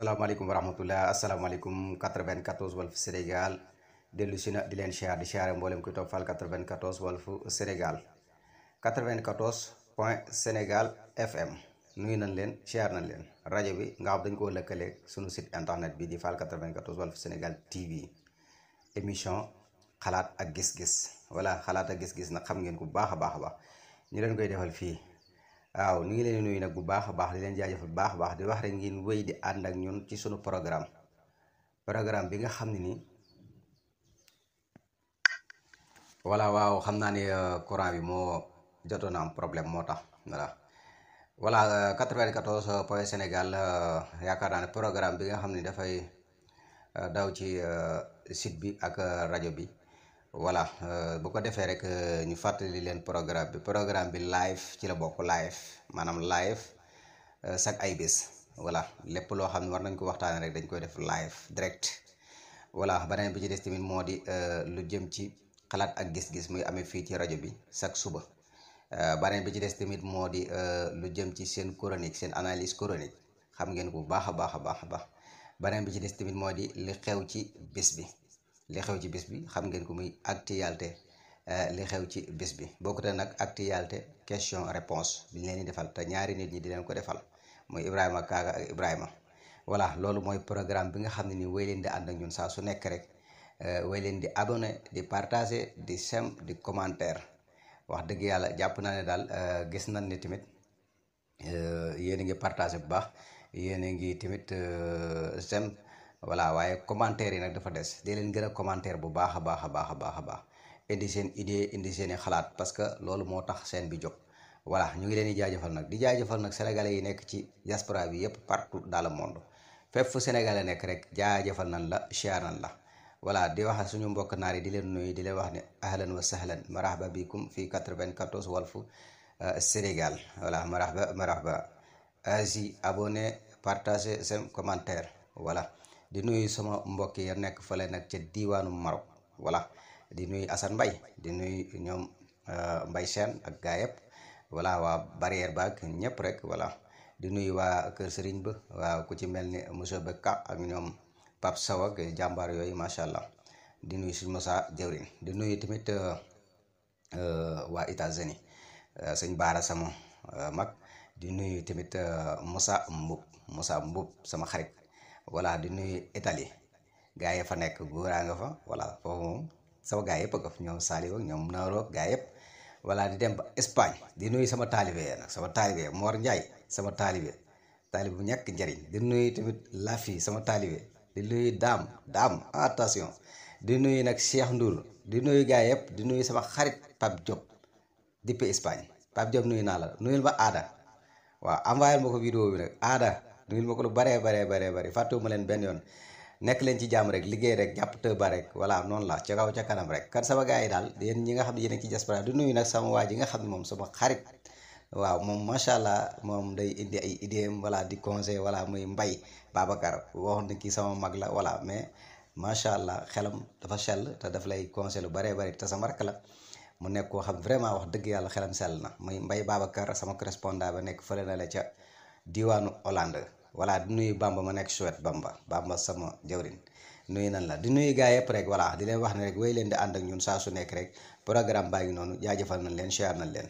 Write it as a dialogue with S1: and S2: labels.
S1: salaamaaleykum wa rahmatulah asalaamaaleykum 94 Walf Sénégal dellu si na di leen siyaar di siyaare mboolem kuy toppal 94 Walf Sénégal 94 point Sénégal FM nuyu nañ leen siyaar nañ leen rajo bi nga xam dañ koo lëkkaleeg sunu site internet bi di fal 94 Walf Sénégal TV émission xalaat ak gis-gis voilà xalaat ak gis-gis nag xam ngeen ku baax a baax a baax ñu leen koy defal fii. waaw ñu ngi leen nuyu nag bu baax a baax di leen jaajëfal bu baax a baax di wax rek ngeen wéy di ànd ak ñun ci sunu programme programme bi nga xam ne nii voilà waaw xam naa ni euh, courant bi moo jotoon am problème moo tax voilà voilà 94 euh, point Sénégal euh, yaakaar naa ne programme bi nga xam ni dafay daw ci sit bi ak rajo bi. voilà euh, bu ko defee rek euh, ñu fàttali leen programme bi programme bi live ci la bokk live maanaam live euh, chaque ay bés voilà lépp loo xam ne war nañ ko waxtaanee rek dañ koy def live direct voilà beneen bi ci des tamit moo di lu jëm ci xalaat ak gis-gis muy amee fii ci rajo bi chaque suba beneen bi ci des tamit moo di lu jëm ci seen chronique seen analyse chronique xam ngeen ko bu baax a baax a baax a baax beneen bi ci des tamit moo di li xew ci bés bi. li xew ci bis bi xam ngeen ko muy actualité euh, li xew ci bis bi te nag actualité question réponse bi ñu leen di defal te ñaari nit ñi di leen ko defal muy Ibrahima Kaaga Ibrahima voilà loolu mooy programme bi nga xam ne nii wéy leen di ànd ak ñun saa su nekk rek euh, wéy leen di abonné di partager di sem di commentaire wax dëgg yàlla jàpp naa ne daal euh, gis nañ ne tamit yéen a ngi partagé bu baax yéen a ngi tamit sem voilà waaye commentaire yi nag dafa des dee leen gën a commentaire bu baax a baax a baax a baax a baax indi seen indi seen i xalaat parce que loolu moo tax seen bi jóg voilà ñu ngi leen di jaajëfal nag di jaajëfal nag sénégalais yi nekk ci diaspora bi yëpp partout dans le monde fépp fu sénégalais nekk rek jaajëfal nan la siyaar la voilà di wax suñu mbokk naar yi di leen nuyu di leen wax ne ahlan wa sahlan marhaba bikum fii 94 Walf euh, Sénégal voilà marhaba marhaba asi abonné partagé seen commentaire voilà di nuyu sama mbokk ya nekk fële nag ca diwaanu Maroc voilà di nuyu Assane Mbaye di nuyu ñoom euh, Mbaye Sène ak gaa yëpp voilà waa barrière baag ñëpp rek voilà di nuyu waa Kër Serigne ba waa ku ci mel ni monsieur Bekka ak ñoom Pape Sow ak jàmbaar yooyu macha allah di nuyu si Moussa Jawrin di nuyu tamit euh, euh, waa États-Unis sëñ Baara sama mag di nuyu tamit Moussa Mboub Moussa Mboub sama xarit. voilà di nuyu Italie gaa yi fa nekk góoraa nga fa voilà foofu moom sama gaa yëpp a ko fa ñoom Saliou ak ñoom Naroog gaa yëpp voilà di dem ba Espagne di nuyu sama taalibe nag sama taalibe Mor Ndiaye sama taalibe taalibe bu ñàkk njariñ di nuyu tamit Lafi sama taalibe di nuyu daam Dame attention di nuyu nag Cheikh Ndour di nuyu gaa yëpp di nuyu sama xarit Pape Diop depuis Espagne Pape Diop nuyu naa la nuyul ma aada waaw envoyé ma ko vidéo bi nag aada lu ma ko lu baree baree baree bëri fàttewu ma leen benn yoon nekk leen ci jàmm rek liggéey rek jàpp tëba rek voilà noonu la ca kaw ca kanam rek kan sama gars yi daal yéen ñi nga xam ne yéen a ngi ci diaspora di nuyu nag nga xam ne moom sama xarit waaw moom macha allah moom day indi ay idéem voilà di conseil voilà muy mbay Babacar waxoon kii sama mag la voilà mais macha allah xelam dafa sell te daf lay conseil lu baree bëri te sama rakk la mu nekk koo xam vraiment wax dëgg yàlla xelam sell na muy mbay Babacar sama correspondant ba nekk fële na la ca diwaanu Hollande voilà di nuyu Bamba ma nekk chouette Bamba Bamba sama jawrin nuyu nan la di nuyu gars yëpp rek voilà di leen wax ne rek wéy leen di ànd ak ñun saa su nekk rek programme baa ngi noonu jaajëfal nañ leen share na leen.